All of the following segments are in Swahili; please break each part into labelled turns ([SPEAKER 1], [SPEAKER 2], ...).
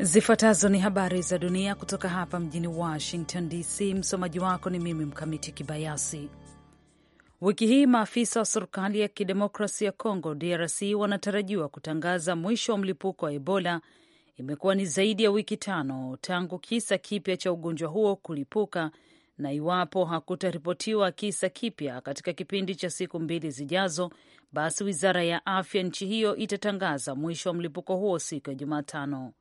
[SPEAKER 1] Zifuatazo ni habari za dunia kutoka hapa mjini Washington DC. Msomaji wako ni mimi Mkamiti Kibayasi. Wiki hii maafisa wa serikali ya kidemokrasi ya congo DRC, wanatarajiwa kutangaza mwisho wa mlipuko wa Ebola. Imekuwa ni zaidi ya wiki tano tangu kisa kipya cha ugonjwa huo kulipuka, na iwapo hakutaripotiwa kisa kipya katika kipindi cha siku mbili zijazo, basi wizara ya afya nchi hiyo itatangaza mwisho wa mlipuko huo siku ya Jumatano.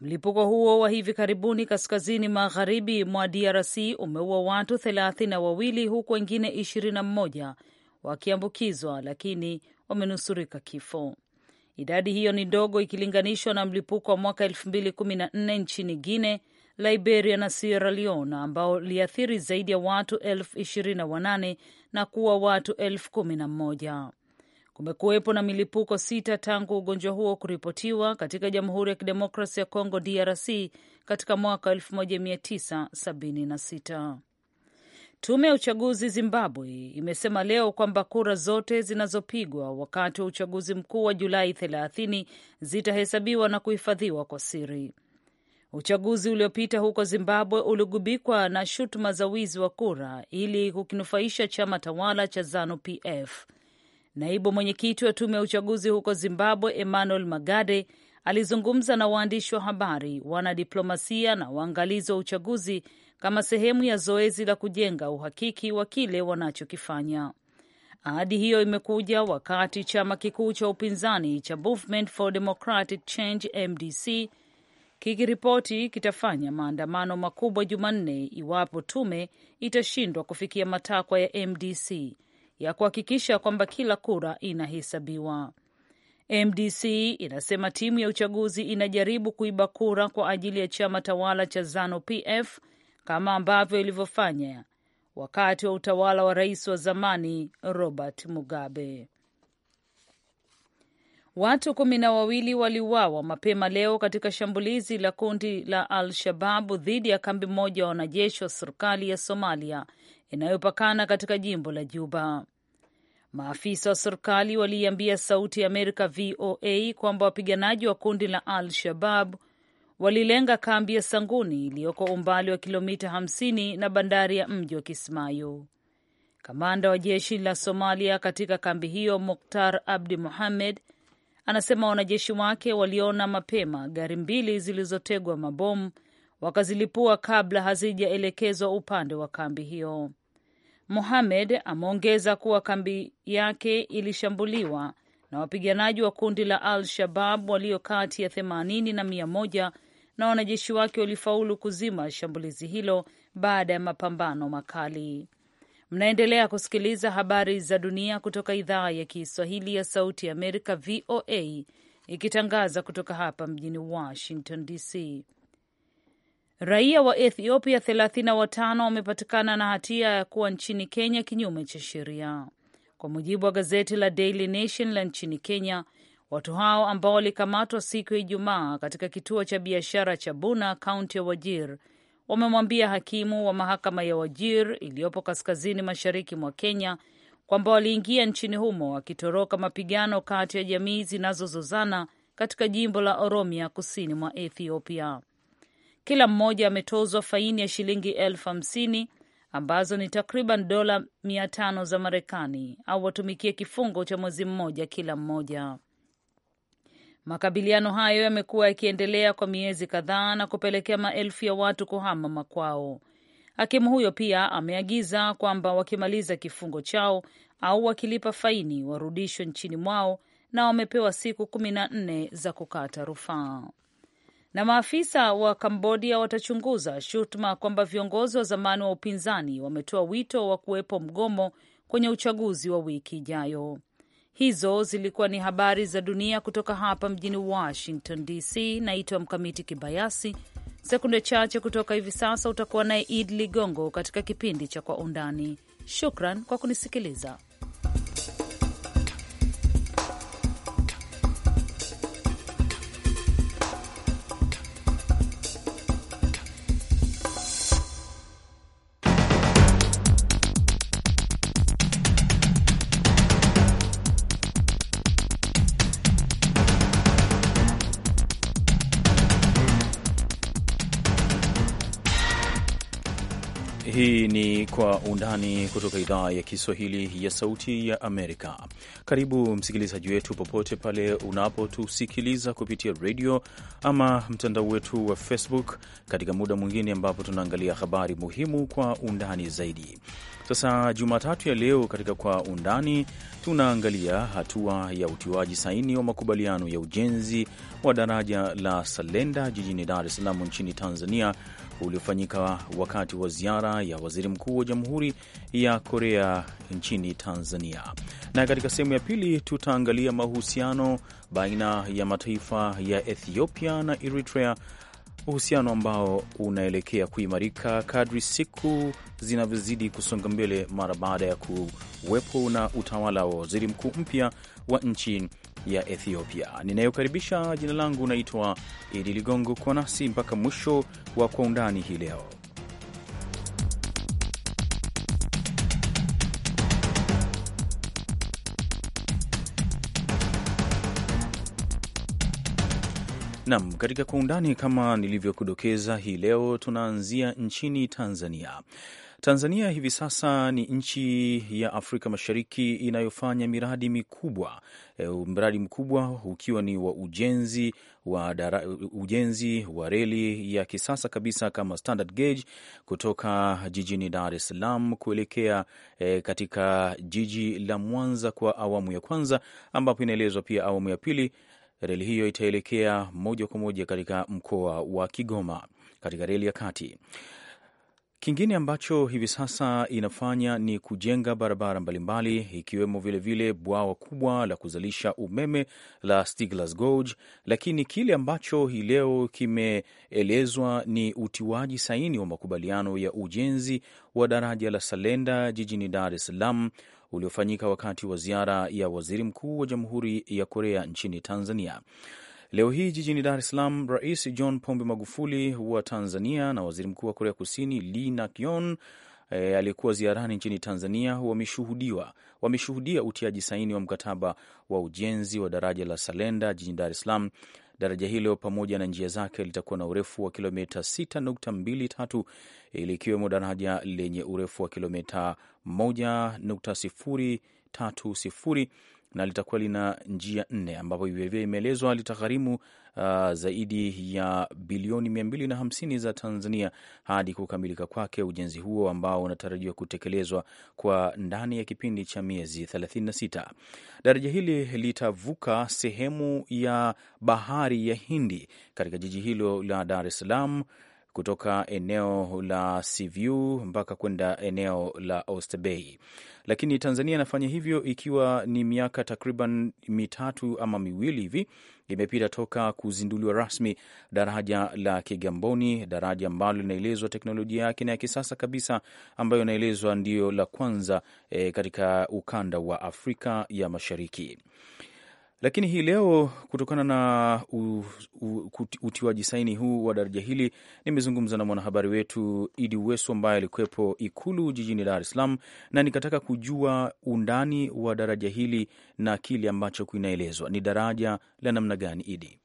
[SPEAKER 1] Mlipuko huo wa hivi karibuni kaskazini magharibi mwa DRC umeua watu thelathini na wawili huku wengine ishirini na mmoja wakiambukizwa lakini wamenusurika kifo. Idadi hiyo ni ndogo ikilinganishwa na mlipuko wa mwaka elfu mbili kumi na nne nchini Guine, Liberia na Sierra Leone ambao liathiri zaidi ya watu elfu ishirini na wanane na kuwa watu elfu kumi na mmoja. Kumekuwepo na milipuko sita tangu ugonjwa huo kuripotiwa katika Jamhuri ya Kidemokrasi ya Kongo DRC katika mwaka 1976. Tume ya uchaguzi Zimbabwe imesema leo kwamba kura zote zinazopigwa wakati wa uchaguzi mkuu wa Julai 30 zitahesabiwa na kuhifadhiwa kwa siri. Uchaguzi uliopita huko Zimbabwe uligubikwa na shutuma za wizi wa kura ili kukinufaisha chama tawala cha Zanu PF. Naibu mwenyekiti wa tume ya uchaguzi huko Zimbabwe, Emmanuel Magade, alizungumza na waandishi wa habari, wanadiplomasia na waangalizi wa uchaguzi kama sehemu ya zoezi la kujenga uhakiki wa kile wanachokifanya. Ahadi hiyo imekuja wakati chama kikuu cha upinzani cha Movement for Democratic Change MDC kikiripoti kitafanya maandamano makubwa Jumanne iwapo tume itashindwa kufikia matakwa ya MDC ya kuhakikisha kwamba kila kura inahesabiwa. MDC inasema timu ya uchaguzi inajaribu kuiba kura kwa ajili ya chama tawala cha Zanu PF kama ambavyo ilivyofanya wakati wa utawala wa rais wa zamani Robert Mugabe. Watu kumi na wawili waliuawa mapema leo katika shambulizi la kundi la Al Shababu dhidi ya kambi moja ya wanajeshi wa serikali ya Somalia inayopakana katika jimbo la Juba. Maafisa wa serikali waliiambia Sauti ya Amerika VOA kwamba wapiganaji wa kundi la Al Shabab walilenga kambi ya Sanguni iliyoko umbali wa kilomita 50 na bandari ya mji wa Kismayo. Kamanda wa jeshi la Somalia katika kambi hiyo Muktar Abdi muhammed anasema wanajeshi wake waliona mapema gari mbili zilizotegwa mabomu wakazilipua kabla hazijaelekezwa upande wa kambi hiyo. Mohamed ameongeza kuwa kambi yake ilishambuliwa na wapiganaji wa kundi la Al Shabab walio kati ya 80 na 100 na wanajeshi wake walifaulu kuzima shambulizi hilo baada ya mapambano makali. Mnaendelea kusikiliza habari za dunia kutoka idhaa ya Kiswahili ya Sauti ya Amerika, VOA, ikitangaza kutoka hapa mjini Washington DC. Raia wa Ethiopia 35 watano wamepatikana na hatia ya kuwa nchini Kenya kinyume cha sheria, kwa mujibu wa gazeti la Daily Nation la nchini Kenya. Watu hao ambao walikamatwa siku ya Ijumaa katika kituo cha biashara cha Buna, kaunti ya Wajir, wamemwambia hakimu wa mahakama ya Wajir iliyopo kaskazini mashariki mwa Kenya kwamba waliingia nchini humo wakitoroka mapigano kati ya jamii zinazozozana katika jimbo la Oromia kusini mwa Ethiopia. Kila mmoja ametozwa faini ya shilingi elfu hamsini ambazo ni takriban dola mia tano za Marekani au watumikie kifungo cha mwezi mmoja kila mmoja. Makabiliano hayo yamekuwa yakiendelea kwa miezi kadhaa na kupelekea maelfu ya watu kuhama makwao. Hakimu huyo pia ameagiza kwamba wakimaliza kifungo chao au wakilipa faini warudishwe nchini mwao na wamepewa siku kumi na nne za kukata rufaa na maafisa wa Kambodia watachunguza shutuma kwamba viongozi wa zamani wa upinzani wametoa wito wa kuwepo mgomo kwenye uchaguzi wa wiki ijayo. Hizo zilikuwa ni habari za dunia kutoka hapa mjini Washington DC. Naitwa Mkamiti Kibayasi. Sekunde chache kutoka hivi sasa utakuwa naye Id Ligongo katika kipindi cha Kwa Undani. Shukran kwa kunisikiliza.
[SPEAKER 2] Kwa Undani kutoka idhaa ya Kiswahili ya Sauti ya Amerika. Karibu msikilizaji wetu popote pale unapotusikiliza kupitia redio ama mtandao wetu wa Facebook, katika muda mwingine ambapo tunaangalia habari muhimu kwa undani zaidi. Sasa Jumatatu ya leo katika Kwa Undani tunaangalia hatua ya utiwaji saini wa makubaliano ya ujenzi wa daraja la Salenda jijini Dar es Salaam nchini Tanzania uliofanyika wakati wa ziara ya waziri mkuu wa Jamhuri ya Korea nchini Tanzania, na katika sehemu ya pili tutaangalia mahusiano baina ya mataifa ya Ethiopia na Eritrea uhusiano ambao unaelekea kuimarika kadri siku zinavyozidi kusonga mbele mara baada ya kuwepo na utawala wa waziri mkuu mpya wa nchi ya Ethiopia. Ninayokaribisha, jina langu naitwa Idi Ligongo, kwa nasi mpaka mwisho wa Kwa Undani hii leo. Nam, katika kwa undani, kama nilivyokudokeza, hii leo tunaanzia nchini Tanzania. Tanzania hivi sasa ni nchi ya Afrika Mashariki inayofanya miradi mikubwa e, mradi mkubwa ukiwa ni wa ujenzi wa dara, ujenzi wa reli ya kisasa kabisa kama standard gauge kutoka jijini Dar es Salaam kuelekea e, katika jiji la Mwanza kwa awamu ya kwanza, ambapo inaelezwa pia awamu ya pili Reli hiyo itaelekea moja kwa moja katika mkoa wa Kigoma katika reli ya kati. Kingine ambacho hivi sasa inafanya ni kujenga barabara mbalimbali ikiwemo vilevile bwawa kubwa la kuzalisha umeme la Stiglas Gorge, lakini kile ambacho hii leo kimeelezwa ni utiwaji saini wa makubaliano ya ujenzi wa daraja la Salenda jijini Dar es Salaam uliofanyika wakati wa ziara ya waziri mkuu wa Jamhuri ya Korea nchini Tanzania. Leo hii jijini Dar es Salaam, Rais John Pombe Magufuli wa Tanzania na waziri mkuu wa Korea Kusini Lee nakyon E, eh, aliyekuwa ziarani nchini Tanzania wameshuhudiwa wameshuhudia utiaji saini wa mkataba wa ujenzi wa daraja la Salenda jijini Dar es Salaam Daraja hilo pamoja na njia zake litakuwa na urefu wa kilomita 6.23 likiwemo daraja lenye urefu wa kilomita 1.030 na litakuwa lina njia nne ambapo vilevile imeelezwa litagharimu uh, zaidi ya bilioni mia mbili na hamsini za Tanzania hadi kukamilika kwake. Ujenzi huo ambao unatarajiwa kutekelezwa kwa ndani ya kipindi cha miezi 36. Daraja hili litavuka sehemu ya bahari ya Hindi katika jiji hilo la Dar es Salaam kutoka eneo la Sivu mpaka kwenda eneo la Oysterbay, lakini Tanzania inafanya hivyo ikiwa ni miaka takriban mitatu ama miwili hivi imepita toka kuzinduliwa rasmi daraja la Kigamboni, daraja ambalo linaelezwa teknolojia yake na ya kisasa kabisa, ambayo inaelezwa ndiyo la kwanza e, katika ukanda wa Afrika ya Mashariki. Lakini hii leo kutokana na utiwaji saini huu wa daraja hili, nimezungumza na mwanahabari wetu Idi Wesu ambaye alikuwepo Ikulu jijini Dar es Salaam, na nikataka kujua undani wa daraja hili na kile ambacho kinaelezwa. Ni daraja la namna gani, Idi?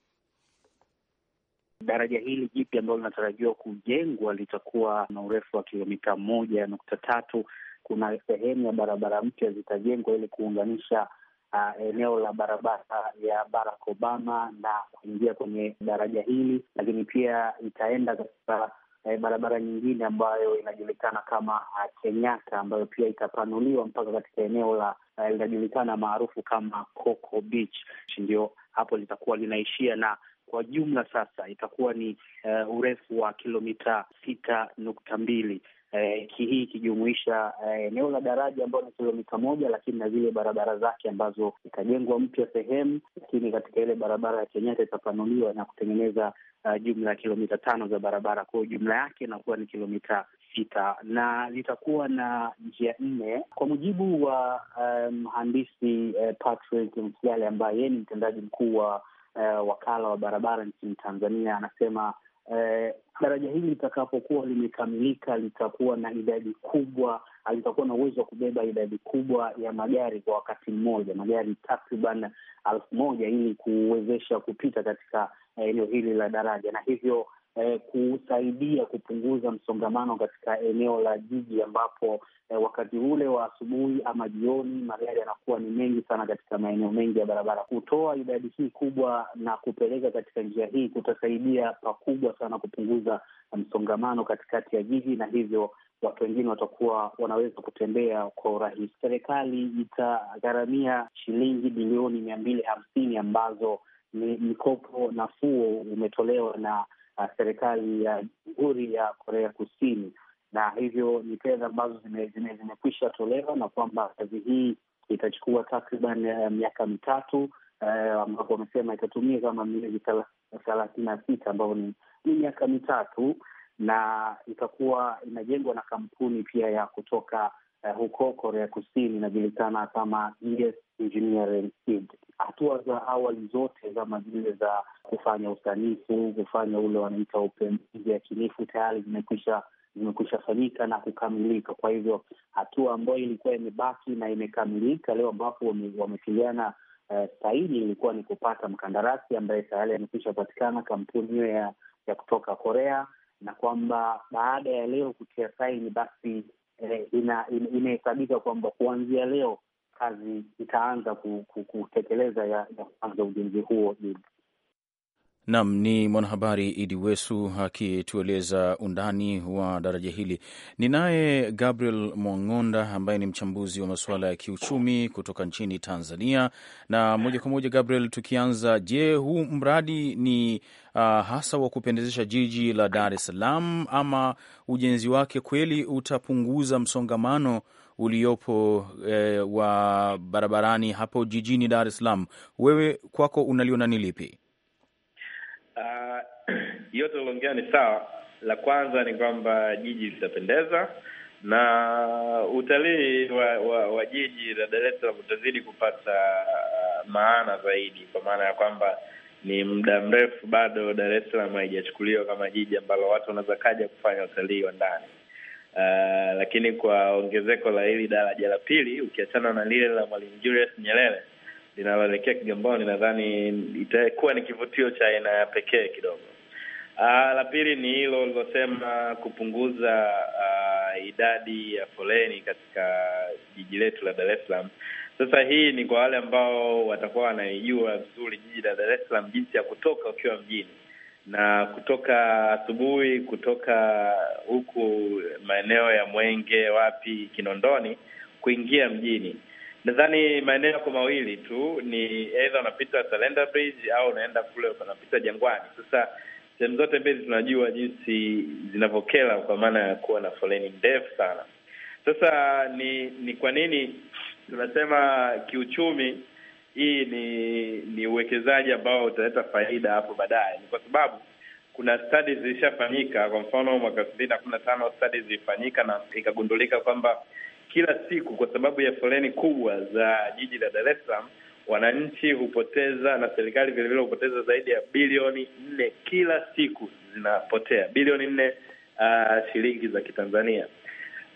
[SPEAKER 3] Daraja hili jipya ambalo linatarajiwa kujengwa litakuwa na urefu wa kilomita moja nukta tatu. Kuna sehemu ya barabara mpya zitajengwa ili kuunganisha uh, eneo la barabara ya Barack Obama na kuingia kwenye daraja hili, lakini pia itaenda katika uh, barabara nyingine ambayo inajulikana kama uh, Kenyatta ambayo pia itapanuliwa mpaka katika eneo la uh, linajulikana maarufu kama Coco Beach, ndio hapo litakuwa linaishia, na kwa jumla sasa itakuwa ni uh, urefu wa kilomita sita nukta mbili eh, hii ikijumuisha eh, eneo eh, la daraja ambayo ni kilomita moja, lakini na zile barabara zake ambazo itajengwa mpya sehemu, lakini katika ile barabara ya Kenyatta itapanuliwa na kutengeneza uh, jumla ya kilomita tano za barabara. Kwa hiyo jumla yake inakuwa ni kilomita sita na litakuwa na njia nne kwa mujibu wa eh, mhandisi um, eh, Patrick Msiale ambaye yeye ni mtendaji mkuu wa uh, wakala wa barabara nchini Tanzania anasema Eh, Daraja hili litakapokuwa limekamilika, litakuwa na idadi kubwa, litakuwa na uwezo wa kubeba idadi kubwa ya magari kwa wakati mmoja, magari takriban elfu moja ili kuwezesha kupita katika eneo hili la daraja, na hivyo eh, kusaidia kupunguza msongamano katika eneo la jiji ambapo eh, wakati ule wa asubuhi ama jioni magari yanakuwa ni mengi sana katika maeneo mengi ya barabara. Kutoa idadi hii kubwa na kupeleka katika njia hii kutasaidia pakubwa sana kupunguza msongamano katikati ya jiji na hivyo watu wengine watakuwa wanaweza kutembea kwa urahisi. Serikali itagharamia shilingi bilioni mia mbili hamsini ambazo ni mikopo nafuu umetolewa na uh, serikali ya Jamhuri ya Korea Kusini, na hivyo ni fedha ambazo zimekwisha tolewa na kwamba kazi hii itachukua takriban uh, miaka mitatu eh, ambapo wamesema itatumia kama miezi thelathini na sita ambayo ni miaka mitatu, na itakuwa inajengwa na kampuni pia ya kutoka uh, huko Korea Kusini inajulikana kama ES engineering Hatua za awali zote kama zile za kufanya usanifu, kufanya ule wanaita upembuzi yakinifu tayari zimekwisha zimekwisha fanyika na kukamilika. Kwa hivyo hatua ambayo ilikuwa imebaki na imekamilika leo ambapo wamekiliana uh, eh, saini ilikuwa ni kupata mkandarasi ambaye tayari amekwisha patikana, kampuni hiyo ya, ya kutoka Korea, na kwamba baada ya leo kutia saini basi eh, inahesabika ina, ina kwamba kuanzia leo kazi itaanza kutekeleza ya kuanza ujenzi huo.
[SPEAKER 2] nam ni mwanahabari Idi Wesu akitueleza undani wa daraja hili. Ni naye Gabriel Mwang'onda ambaye ni mchambuzi wa masuala ya kiuchumi kutoka nchini Tanzania. Na moja kwa moja, Gabriel, tukianza, je, huu mradi ni uh, hasa wa kupendezesha jiji la Dar es Salaam ama ujenzi wake kweli utapunguza msongamano uliopo e, wa barabarani hapo jijini Dar es Salaam, wewe kwako unaliona ni lipi?
[SPEAKER 4] Uh, yote uliongea ni sawa. La kwanza ni kwamba jiji litapendeza na utalii wa, wa, wa jiji la Dar es Salaam utazidi kupata ah, maana zaidi, kwa maana ya kwamba ni muda mrefu bado Dar es Salaam haijachukuliwa kama jiji ambalo watu wanaweza kaja kufanya utalii wa ndani. Uh, lakini kwa ongezeko la hili daraja la pili ukiachana na lile la Mwalimu Julius Nyerere linaloelekea Kigamboni, nadhani itakuwa ni kivutio cha aina ya pekee kidogo. Uh, la pili ni hilo lilosema kupunguza uh, idadi ya foleni katika jiji letu la Dar es Salaam. Sasa hii ni kwa wale ambao watakuwa wanaijua vizuri jiji la Dar es Salaam, jinsi ya kutoka ukiwa mjini na kutoka asubuhi, kutoka huku maeneo ya Mwenge, wapi, Kinondoni, kuingia mjini. Nadhani maeneo yako mawili tu ni aidha unapita Salenda Bridge au unaenda kule unapita Jangwani. Sasa sehemu zote mbili tunajua jinsi zinavyokela kwa maana ya kuwa na foleni ndefu sana. Sasa ni ni kwa nini tunasema kiuchumi hii ni ni uwekezaji ambao utaleta faida hapo baadaye, ni kwa sababu kuna studies zilishafanyika. Kwa mfano mwaka elfu mbili na kumi na tano studies zilifanyika na ikagundulika kwamba kila siku, kwa sababu ya foleni kubwa za jiji la Dar es Salaam, wananchi hupoteza na serikali vilevile hupoteza zaidi ya bilioni nne kila siku zinapotea, bilioni nne uh, shilingi za Kitanzania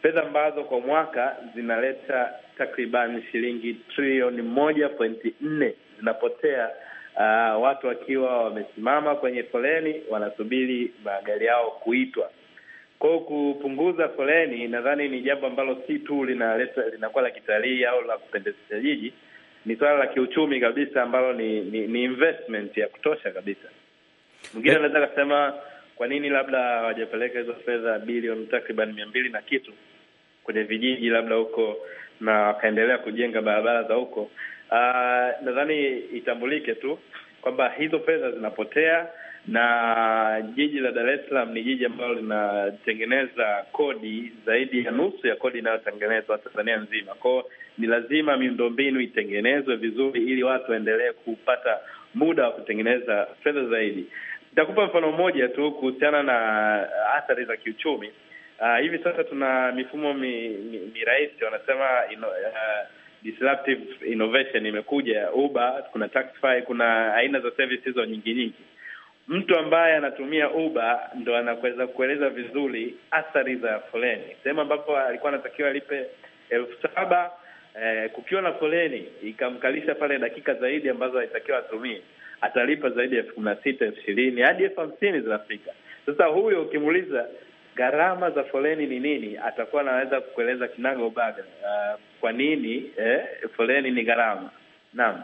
[SPEAKER 4] fedha ambazo kwa mwaka zinaleta takriban shilingi trilioni moja pointi nne zinapotea, uh, watu wakiwa wamesimama kwenye foleni wanasubiri magari yao kuitwa. Kwa hiyo kupunguza foleni, nadhani ni jambo ambalo si tu linaleta linakuwa la kitalii au la kupendezesha jiji, ni swala la kiuchumi kabisa ambalo ni, ni, ni investment ya kutosha kabisa. Mwingine anaweza yeah, kwa nini labda hawajapeleka hizo fedha bilioni takriban mia mbili na kitu kwenye vijiji labda huko na wakaendelea kujenga barabara za huko. Uh, nadhani itambulike tu kwamba hizo fedha zinapotea na jiji la Dar es Salaam ni jiji ambalo linatengeneza kodi zaidi ya nusu ya kodi inayotengenezwa Tanzania nzima. Kwao ni lazima miundombinu itengenezwe vizuri, ili watu waendelee kupata muda wa kutengeneza fedha zaidi. Nitakupa mfano mmoja tu kuhusiana na uh, athari za kiuchumi. Uh, hivi sasa tuna mifumo mi, mi, mirahisi wanasema ino, uh, disruptive innovation imekuja. Uber, kuna Taxify, kuna aina za service hizo nyingi nyingi. Mtu ambaye anatumia Uber ndo anaweza kueleza vizuri athari za foleni. Sehemu ambapo alikuwa anatakiwa alipe elfu saba eh, kukiwa na foleni ikamkalisha pale dakika zaidi ambazo alitakiwa atumie atalipa zaidi ya elfu kumi na sita elfu ishirini hadi elfu hamsini zinafika. Sasa huyo ukimuuliza gharama za foleni ni nini, atakuwa anaweza kukueleza kinaga uh, kwa nini eh, foleni ni gharama. Naam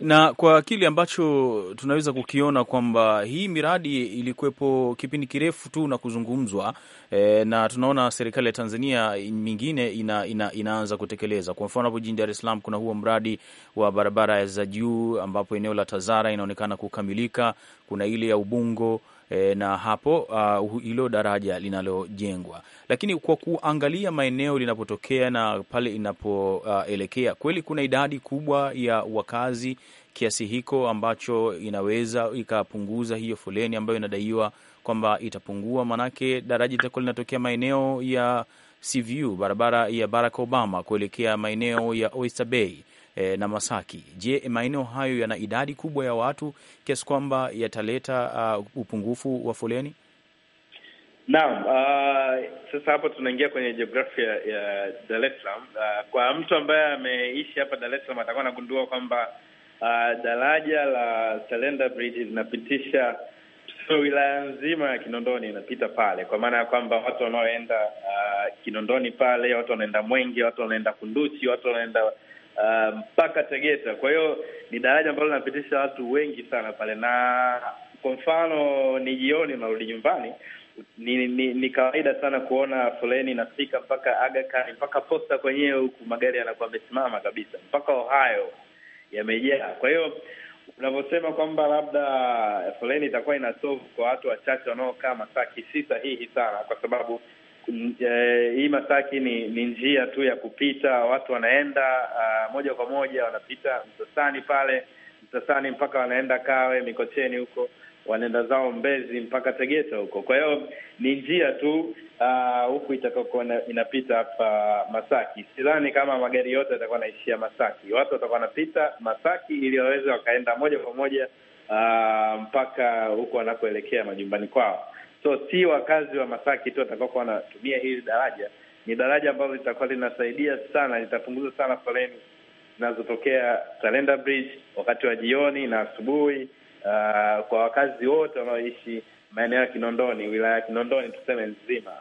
[SPEAKER 2] na kwa kile ambacho tunaweza kukiona kwamba hii miradi ilikuwepo kipindi kirefu tu na kuzungumzwa e, na tunaona serikali ya Tanzania mingine ina, ina, inaanza kutekeleza. Kwa mfano hapo jijini Dar es Salaam kuna huo mradi wa barabara za juu ambapo eneo la Tazara inaonekana kukamilika. Kuna ile ya Ubungo e, na hapo uh, hilo daraja linalojengwa. Lakini kwa kuangalia maeneo linapotokea na pale inapoelekea, ah, uh, kweli kuna idadi kubwa ya wakazi kiasi hiko ambacho inaweza ikapunguza hiyo foleni ambayo inadaiwa kwamba itapungua, maanake daraja litakuwa linatokea maeneo ya cvu barabara ya Barack Obama kuelekea maeneo ya Oyster Bay e, na Masaki. Je, maeneo hayo yana idadi kubwa ya watu kiasi kwamba yataleta uh, upungufu wa foleni?
[SPEAKER 4] Naam, uh, sasa hapo tunaingia kwenye jiografia ya Dar es Salaam. Uh, kwa mtu ambaye ameishi hapa Dar es Salaam atakuwa anagundua kwamba uh, daraja la Selander Bridge linapitisha wilaya nzima ya Kinondoni inapita pale, kwa maana ya kwamba watu wanaoenda uh, Kinondoni pale, watu wanaenda Mwenge, watu wanaenda Kunduchi, watu wanaenda Ah, mpaka uh, Tegeta. Kwa hiyo ni daraja ambalo linapitisha watu wengi sana pale, na kwa mfano ni jioni narudi nyumbani ni, ni, ni kawaida sana kuona foleni inafika mpaka Aga Khan mpaka posta kwenyewe, huku magari yanakuwa amesimama kabisa, mpaka Ohio yamejaa. Kwa hiyo unavyosema kwamba labda foleni itakuwa inasovu kwa watu wachache wanaokaa masaa, si sahihi sana, kwa sababu Eh, hii Masaki ni, ni njia tu ya kupita, watu wanaenda uh, moja kwa moja wanapita Msasani pale Msasani mpaka wanaenda Kawe Mikocheni huko wanaenda zao Mbezi mpaka Tegeta huko. Kwa hiyo ni njia tu uh, huku inapita hapa Masaki. Sidhani kama magari yote yatakuwa naishia Masaki, watu watakuwa wanapita Masaki ili waweze wakaenda moja kwa moja uh, mpaka huko wanakoelekea majumbani kwao. So si wakazi wa Masaki tu watakaokuwa wanatumia hili daraja, ni daraja ambalo litakuwa linasaidia sana, litapunguza sana foleni zinazotokea Talenda Bridge wakati wa jioni na asubuhi, uh, kwa wakazi wote wanaoishi maeneo ya Kinondoni, wilaya ya Kinondoni tuseme nzima.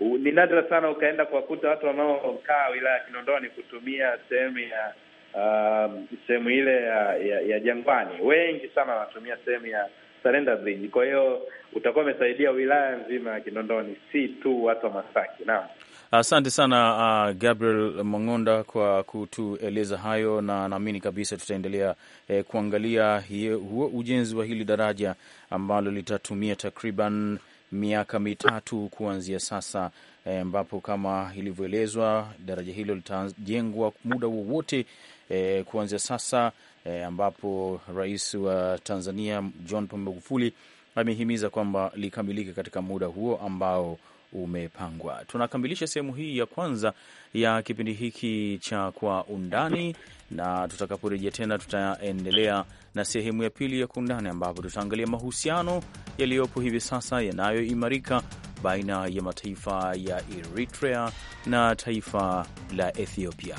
[SPEAKER 4] Uh, ni nadra sana ukaenda kuwakuta watu wanaokaa wilaya ya Kinondoni kutumia sehemu ya uh, sehemu ile ya, ya, ya Jangwani. Wengi sana wanatumia sehemu ya surrender bridge. Kwa hiyo utakuwa umesaidia wilaya nzima ya Kinondoni, si tu watu wa Masaki. Naam.
[SPEAKER 2] Asante sana uh, Gabriel Mang'onda kwa kutueleza hayo, na naamini kabisa tutaendelea eh, kuangalia hiyo, huo ujenzi wa hili daraja ambalo litatumia takriban miaka mitatu kuanzia sasa, eh, ambapo eh, kama ilivyoelezwa daraja hilo litajengwa muda wowote eh, kuanzia sasa e, ambapo rais wa Tanzania John Pombe Magufuli amehimiza kwamba likamilike katika muda huo ambao umepangwa. Tunakamilisha sehemu hii ya kwanza ya kipindi hiki cha Kwa Undani, na tutakaporejea tena tutaendelea na sehemu ya pili ya Kwa Undani, ambapo tutaangalia mahusiano yaliyopo hivi sasa yanayoimarika baina ya mataifa ya Eritrea na taifa la Ethiopia.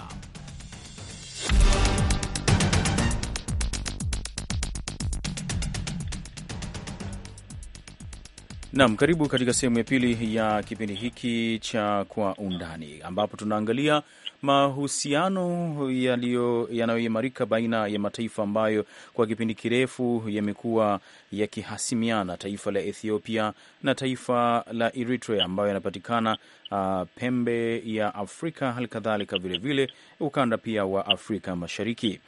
[SPEAKER 2] Naam, karibu katika sehemu ya pili ya kipindi hiki cha Kwa Undani, ambapo tunaangalia mahusiano yanayoimarika baina ya mataifa ambayo kwa kipindi kirefu yamekuwa yakihasimiana, taifa la Ethiopia na taifa la Eritrea ambayo yanapatikana uh, pembe ya Afrika, halikadhalika vilevile ukanda pia wa Afrika Mashariki.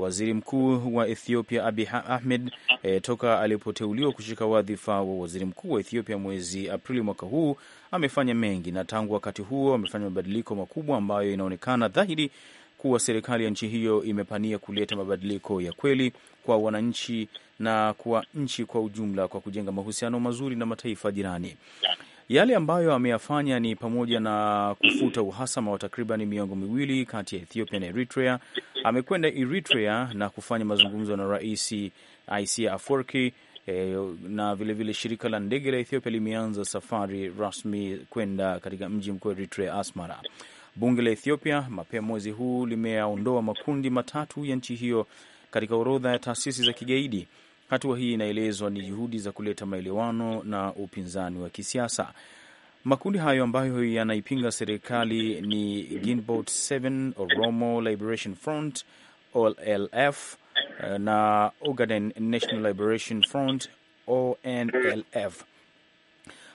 [SPEAKER 2] Waziri Mkuu wa Ethiopia abi Ahmed e, toka alipoteuliwa kushika wadhifa wa waziri mkuu wa Ethiopia mwezi Aprili mwaka huu amefanya mengi, na tangu wakati huo amefanya mabadiliko makubwa ambayo inaonekana dhahiri kuwa serikali ya nchi hiyo imepania kuleta mabadiliko ya kweli kwa wananchi na kwa nchi kwa ujumla kwa kujenga mahusiano mazuri na mataifa jirani. Yale ambayo ameyafanya ni pamoja na kufuta uhasama wa takribani miongo miwili kati ya Ethiopia na Eritrea, amekwenda Eritrea na kufanya mazungumzo na Rais Isia Afwerki eh, na vilevile vile shirika la ndege la Ethiopia limeanza safari rasmi kwenda katika mji mkuu wa Eritrea, Asmara. Bunge la Ethiopia mapema mwezi huu limeyaondoa makundi matatu ya nchi hiyo katika orodha ya taasisi za kigaidi. Hatua hii inaelezwa ni juhudi za kuleta maelewano na upinzani wa kisiasa. Makundi hayo ambayo yanaipinga serikali ni Ginbot 7, Oromo Liberation Front, OLF eh, na Ogaden National Liberation Front, ONLF.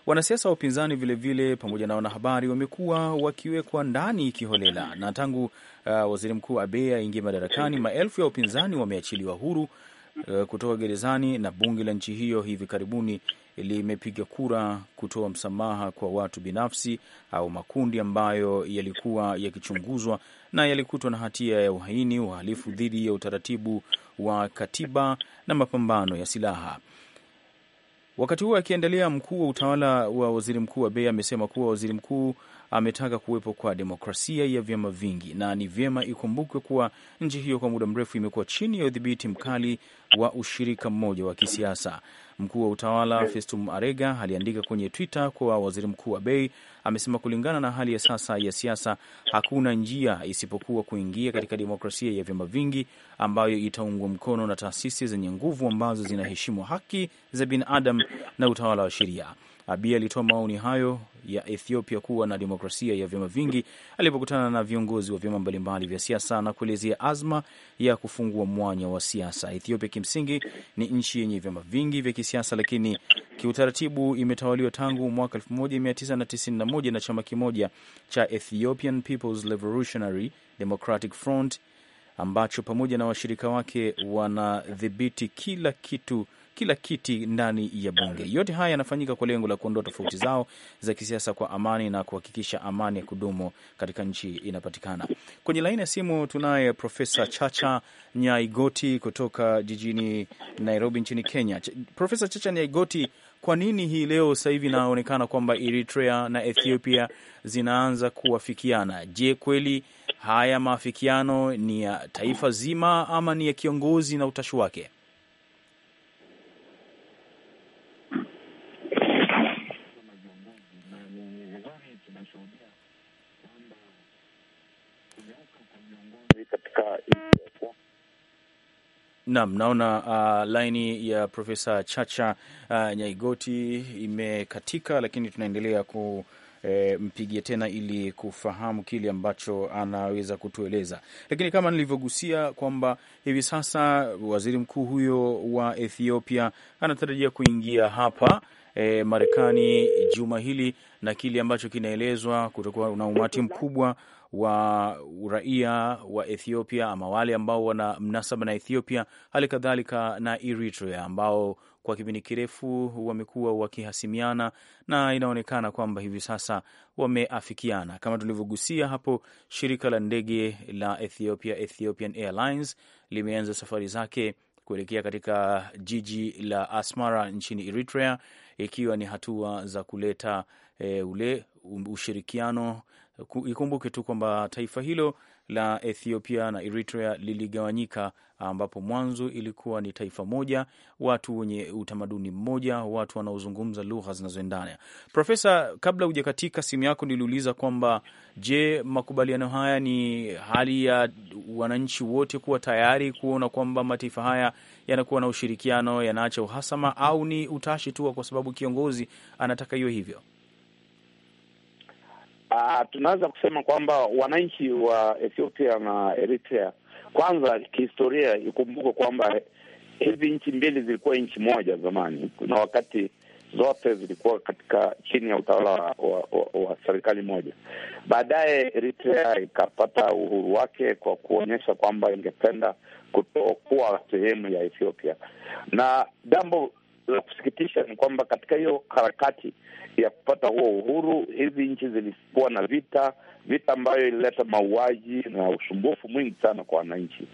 [SPEAKER 2] Wanasiasa wa upinzani vilevile pamoja na wanahabari wamekuwa wakiwekwa ndani kiholela, na tangu uh, waziri mkuu Abe aingie madarakani, maelfu ya upinzani wameachiliwa huru uh, kutoka gerezani, na bunge la nchi hiyo hivi karibuni limepiga kura kutoa msamaha kwa watu binafsi au makundi ambayo yalikuwa yakichunguzwa na yalikutwa na hatia ya uhaini, uhalifu dhidi ya utaratibu wa katiba na mapambano ya silaha. Wakati huo akiendelea, mkuu wa utawala wa waziri mkuu wa bei amesema kuwa waziri mkuu ametaka kuwepo kwa demokrasia ya vyama vingi, na ni vyema ikumbukwe kuwa nchi hiyo kwa muda mrefu imekuwa chini ya udhibiti mkali wa ushirika mmoja wa kisiasa. Mkuu wa utawala Festum Arega aliandika kwenye Twitter kuwa waziri mkuu wa Bei amesema kulingana na hali ya sasa ya siasa hakuna njia isipokuwa kuingia katika demokrasia ya vyama vingi ambayo itaungwa mkono na taasisi zenye nguvu ambazo zinaheshimu haki za binadamu na utawala wa sheria. abi alitoa maoni hayo ya Ethiopia kuwa na demokrasia ya vyama vingi alipokutana na viongozi wa vyama mbalimbali vya siasa na kuelezea azma ya kufungua mwanya wa siasa. Ethiopia kimsingi ni nchi yenye vyama vingi vya kisiasa, lakini kiutaratibu imetawaliwa tangu mwaka 1991 na chama kimoja cha Ethiopian People's Revolutionary Democratic Front ambacho pamoja na washirika wake wanadhibiti kila kitu kila kiti ndani ya bunge. Yote haya yanafanyika kwa lengo la kuondoa tofauti zao za kisiasa kwa amani na kuhakikisha amani ya kudumu katika nchi inapatikana. Kwenye laini ya simu tunaye Profesa Chacha Nyaigoti kutoka jijini Nairobi nchini Kenya. Ch Profesa Chacha Nyaigoti, kwa nini hii leo sasa hivi inaonekana kwamba Eritrea na Ethiopia zinaanza kuwafikiana? Je, kweli haya maafikiano ni ya taifa zima ama ni ya kiongozi na utashi wake? Naam, naona uh, laini ya Profesa Chacha uh, Nyaigoti imekatika, lakini tunaendelea kumpigia eh, e, tena ili kufahamu kile ambacho anaweza kutueleza. Lakini kama nilivyogusia kwamba hivi sasa waziri mkuu huyo wa Ethiopia anatarajia kuingia hapa E, Marekani juma hili na kile ambacho kinaelezwa kutokuwa na umati mkubwa wa raia wa Ethiopia ama wale ambao wana mnasaba na Ethiopia, hali kadhalika na Eritrea ambao kwa kipindi kirefu wamekuwa wakihasimiana na inaonekana kwamba hivi sasa wameafikiana. Kama tulivyogusia hapo, shirika la ndege la Ethiopia, Ethiopian Airlines, limeanza safari zake kuelekea katika jiji la Asmara nchini Eritrea, ikiwa ni hatua za kuleta e, ule ushirikiano Ikumbuke tu kwamba taifa hilo la Ethiopia na Eritrea liligawanyika, ambapo mwanzo ilikuwa ni taifa moja, watu wenye utamaduni mmoja, watu wanaozungumza lugha zinazoendana. Profesa, kabla hujakatika simu yako, niliuliza kwamba je, makubaliano haya ni hali ya wananchi wote kuwa tayari kuona kwamba mataifa haya yanakuwa na ushirikiano, yanaacha uhasama, au ni utashi tu kwa sababu kiongozi anataka hiyo hivyo?
[SPEAKER 5] uh, tunaweza kusema kwamba wananchi wa Ethiopia na Eritrea, kwanza kihistoria, ikumbukwe kwamba hizi nchi mbili zilikuwa nchi moja zamani, kuna wakati zote zilikuwa katika chini ya utawala wa, wa, wa, wa serikali moja. Baadaye Eritrea ikapata uhuru wake kwa kuonyesha kwamba ingependa kutokuwa sehemu ya Ethiopia na jambo la kusikitisha ni kwamba katika hiyo harakati ya kupata huo uhuru, hizi nchi zilikuwa na vita, vita ambayo ilileta mauaji na usumbufu mwingi sana kwa wananchi.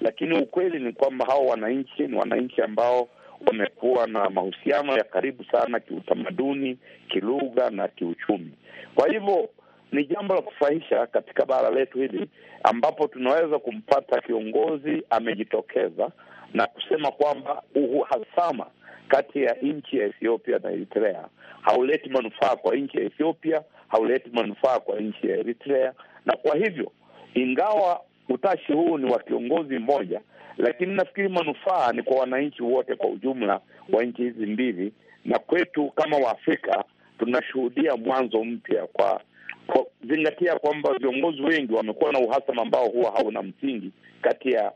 [SPEAKER 5] Lakini ukweli ni kwamba hao wananchi ni wananchi ambao wamekuwa na mahusiano ya karibu sana kiutamaduni, kilugha na kiuchumi. Kwa hivyo ni jambo la kufurahisha katika bara letu hili ambapo tunaweza kumpata kiongozi amejitokeza na kusema kwamba uhasama kati ya nchi ya Ethiopia na Eritrea hauleti manufaa kwa nchi ya Ethiopia, hauleti manufaa kwa nchi ya Eritrea. Na kwa hivyo, ingawa utashi huu ni wa kiongozi mmoja, lakini nafikiri manufaa ni kwa wananchi wote kwa ujumla wa nchi hizi mbili, na kwetu kama Waafrika tunashuhudia mwanzo mpya kwa kwa zingatia kwamba viongozi wengi wamekuwa na uhasama ambao huwa hauna msingi kati ya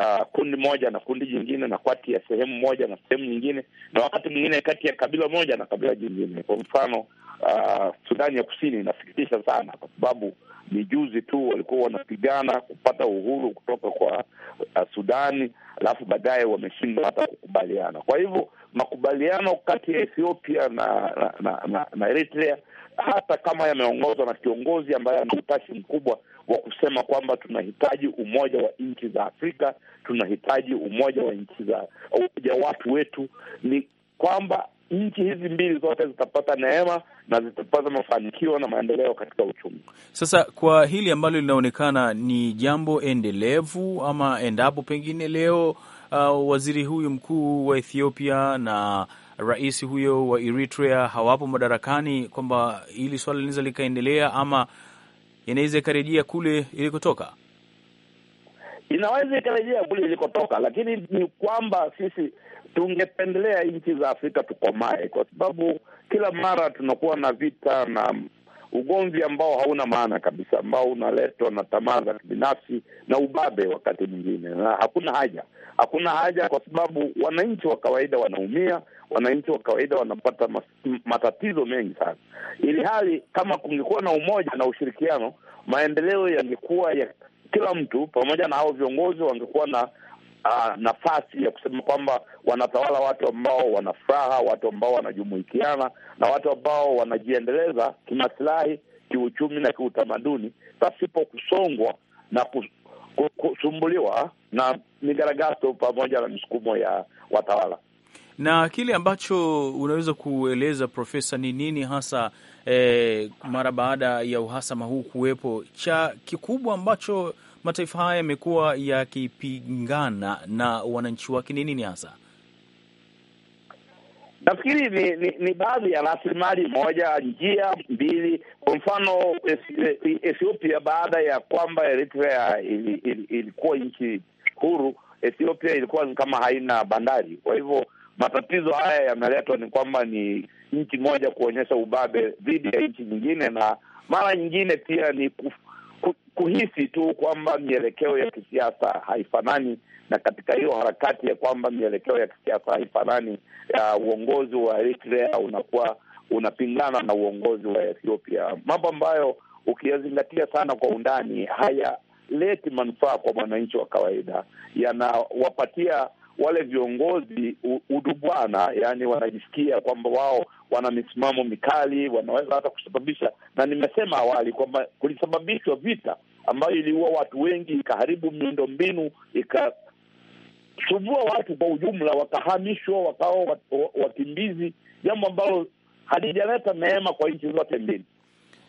[SPEAKER 5] uh, kundi moja na kundi jingine na kati ya sehemu moja na sehemu nyingine, na wakati mwingine kati ya kabila moja na kabila jingine. Kwa mfano, uh, Sudani ya Kusini inasikitisha sana kwa sababu ni juzi tu walikuwa wanapigana kupata uhuru kutoka kwa uh, Sudani, alafu baadaye wameshindwa hata kukubaliana. Kwa hivyo makubaliano kati ya Ethiopia na, na, na, na, na Eritrea hata kama yameongozwa na kiongozi ambaye ana utashi mkubwa wa kusema kwamba tunahitaji umoja wa nchi za Afrika, tunahitaji umoja wa nchi za umoja watu wetu, ni kwamba nchi hizi mbili zote zitapata neema na zitapata mafanikio na maendeleo katika uchumi.
[SPEAKER 2] Sasa kwa hili ambalo linaonekana ni jambo endelevu, ama endapo pengine leo uh, waziri huyu mkuu wa Ethiopia na rais huyo wa Eritrea hawapo madarakani, kwamba hili swala linaweza likaendelea ama inaweza ikarejea kule ilikotoka?
[SPEAKER 5] Inaweza ikarejea kule ilikotoka, lakini ni kwamba sisi tungependelea nchi za Afrika tukomae, kwa sababu kila mara tunakuwa na vita na ugomvi ambao hauna maana kabisa, ambao unaletwa na tamaa za kibinafsi na ubabe wakati mwingine, na hakuna haja, hakuna haja, kwa sababu wananchi wa kawaida wanaumia, wananchi wa kawaida wanapata matatizo mengi sana, ili hali kama kungekuwa na umoja na ushirikiano, maendeleo yangekuwa ya kila mtu, pamoja na hao viongozi wangekuwa na uh, nafasi ya kusema kwamba wanatawala watu ambao wana furaha, watu ambao wanajumuikiana na watu ambao wanajiendeleza kimasilahi, kiuchumi na kiutamaduni pasipo kusongwa na kusumbuliwa na migaragaso pamoja na misukumo ya watawala.
[SPEAKER 2] Na kile ambacho unaweza kueleza Profesa, ni nini hasa eh, mara baada ya uhasama huu kuwepo, cha kikubwa ambacho mataifa haya yamekuwa yakipingana na wananchi wake ni nini hasa?
[SPEAKER 5] Nafikiri ni, ni, ni baadhi ya rasilimali, moja, njia mbili. Kwa mfano Ethiopia, baada ya kwamba Eritrea ilikuwa nchi huru, Ethiopia ilikuwa kama haina bandari. Kwa hivyo matatizo haya yameletwa ni kwamba ni nchi moja kuonyesha ubabe dhidi ya nchi nyingine, na mara nyingine pia ni ku, ku, kuhisi tu kwamba mielekeo ya kisiasa haifanani, na katika hiyo harakati ya kwamba mielekeo ya kisiasa haifanani, ya uongozi wa Eritrea unakuwa unapingana na uongozi wa Ethiopia, mambo ambayo ukiyazingatia sana kwa undani hayaleti manufaa kwa mwananchi wa kawaida, yanawapatia wale viongozi udubwana, yani wanajisikia kwamba wao wana misimamo mikali, wanaweza hata kusababisha, na nimesema awali kwamba kulisababishwa vita ambayo iliua watu wengi, ikaharibu miundo mbinu ikasubua watu kwa ujumla, wakahamishwa, wakawa wakimbizi, jambo ambalo halijaleta neema kwa nchi zote mbili.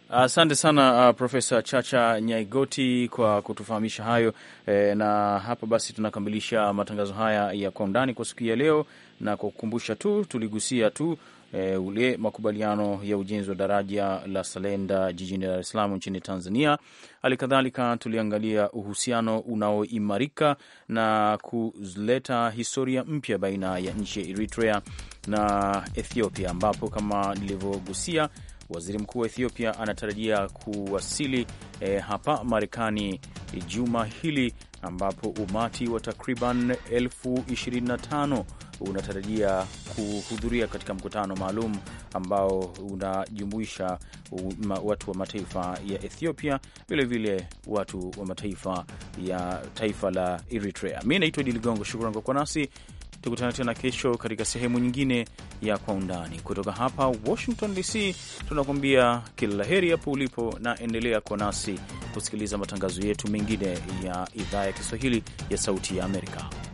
[SPEAKER 2] Asante sana uh, Profesa Chacha Nyaigoti kwa kutufahamisha hayo e, na hapa basi tunakamilisha matangazo haya ya kwa undani kwa siku ya leo, na kwa kukumbusha tu tuligusia tu e, ule makubaliano ya ujenzi wa daraja la Salenda jijini Dar es Salaam nchini Tanzania. Hali kadhalika tuliangalia uhusiano unaoimarika na kuleta historia mpya baina ya nchi ya Eritrea na Ethiopia, ambapo kama nilivyogusia Waziri mkuu wa Ethiopia anatarajia kuwasili e, hapa Marekani juma hili ambapo umati wa takriban elfu 25 unatarajia kuhudhuria katika mkutano maalum ambao unajumuisha watu wa mataifa ya Ethiopia, vilevile watu wa mataifa ya taifa la Eritrea. Mi naitwa Idi Ligongo, shukran kwa kuwa nasi. Tukutana tena kesho katika sehemu nyingine ya Kwa Undani kutoka hapa Washington DC. Tunakuambia kila la heri hapo ulipo, na endelea kwa nasi kusikiliza matangazo yetu mengine ya idhaa ya Kiswahili ya Sauti ya Amerika.